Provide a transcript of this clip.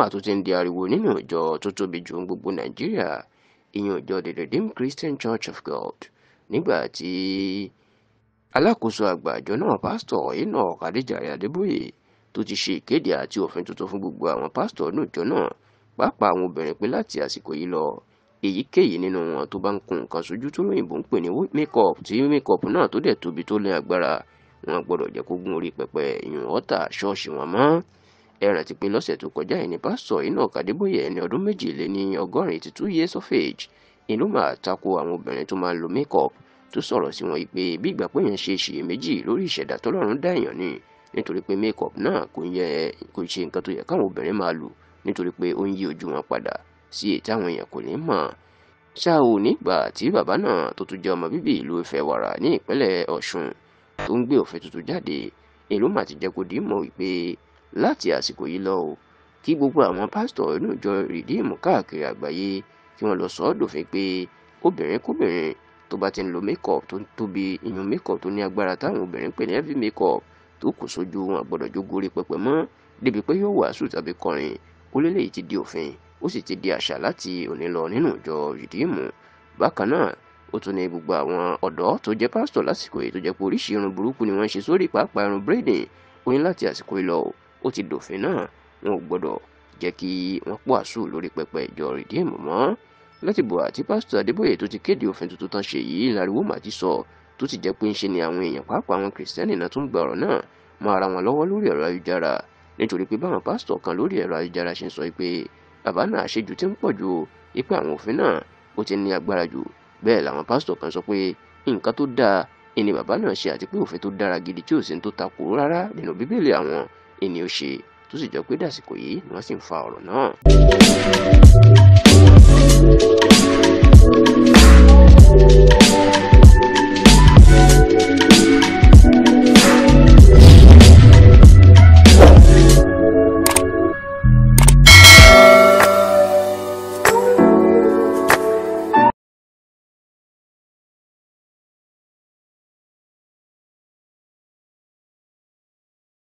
mà tún ti ń di ariwo nínú ìjọ tó tóbi jù gbogbo nàìjíríà ìyẹn ìjọ the redeemed christian church of god nígbà tí alákòóso àgbà ìjọ náà pásítọ̀ Enoch Adéjàre Adébóyè tó ti ṣe ìkéde àti òfin tuntun fún gbogbo àwọn pásítọ̀ inú ìjọ náà pàápàá àwọn obìnrin pé láti àsìkò yìí lọ èyíkéyìí nínú wọn tó bá ń kun nǹkan sójú tó lóyìnbó ń pè ní makeup tí makeup náà tó dẹ̀ tóbi tó lé agbára wọn gbọ́dọ̀ jẹ́ kó orí pẹpẹ ìyún ọ̀tà ṣọ́ọ̀ṣì wọn mọ́ ẹ rántí pé lọ́sẹ̀ tó kọjá yìí ní pásítọ̀ Enoch Adébóyè ẹni ọdún méjìléní ọgọ́rin eighty two years of age Enuma tako àwọn obìnrin tó máa lo makeup tó sọ̀rọ̀ sí wọn pé bí ìgbà pé èèyàn ṣe ṣiyèméjì lórí ìṣẹ̀dá tọ́lọ́run dá èèyàn ni nítorí pé makeup náà kò yẹ kò ṣe nǹkan tó yẹ káwọn obìnrin máa lò nítorí pé ó ń yí ojú wọn padà sí èyí táwọn èèyàn kò ní mọ̀ ṣá ò nígbà tí bàbá náà tó tún jẹ́ ọmọ bíbí ìlú Ifẹ̀ wàrà ní ìpínlẹ̀ Ọ̀ṣun tó ń gbé òfin tuntun jáde Enuma ti jẹ́ kó dìímọ̀ wípé láti àsìkò yìí lọ o kí gbogbo àwọn pásítọ̀ inú ìjọ rìdíìmù káàkiri àgbáyé kí wọ́n lọ sọ ọ́ dòfin pé obìnrin kóbìnrin tó bá ti ń lo makeup tó ń tóbi ìyún makeup tó ní agbára táwọn obìnrin pè ní heavy makeup tó kù sójú wọn àgbọ̀dọ̀ jókòó rí pẹpẹ mọ́ débi pé yóò wàásù tàbí kọrin ó lélẹ́yìí ti di òfin ó sì ti di àṣà láti òní lọ nínú ìjọ rìdíìmù bákan náà ó tún ní gbogbo àwọn ọ̀dọ́ tó jẹ́ pásítọ̀ lásìkò yìí tó jẹ́ pé oríṣi irun burúkú ni wọ́n ṣe sórí pàápàá irun braiding ó ní láti àsìkò yìí lọ ó ti dòfin náà wọn ò gbọ́dọ̀ jẹ́ kí wọ́n pọ̀ àṣù lórí pẹpẹ ìjọ rìdíìmù mọ́ látìgbò àti pásítọ̀ adébóyè tó ti kéde òfin tuntun tán ṣe yìí láriwo mà ti sọ tó ti jẹ́ pé ń ṣe ni àwọn èèyàn pàápàá àwọn kìrìsìtẹ́nì náà tún gba ọ̀rọ̀ náà máa ra wọn lọ́wọ́ lórí ẹ̀rọ ayélujára nítorí pé báwọn pásítọ̀ kan lórí ẹ̀rọ ayélujára ṣe ń sọ pé bàbá náà àṣejù ti ń pọ̀ ju ipé àwọn òfin náà ó ti ní agbára jù bẹ́ẹ̀ làwọn pásítọ̀ kan sọ pé nǹkan tó dáa ẹni bàbá náà ṣe àti pé òfin tó dára gidi tí ò sí tó takò rárá nínú bíbélì àwọn ènìyàn ṣe tó sì jọ pé dàsìkò yìí ni wọ́n sì ń fa ọ̀rọ̀ náà.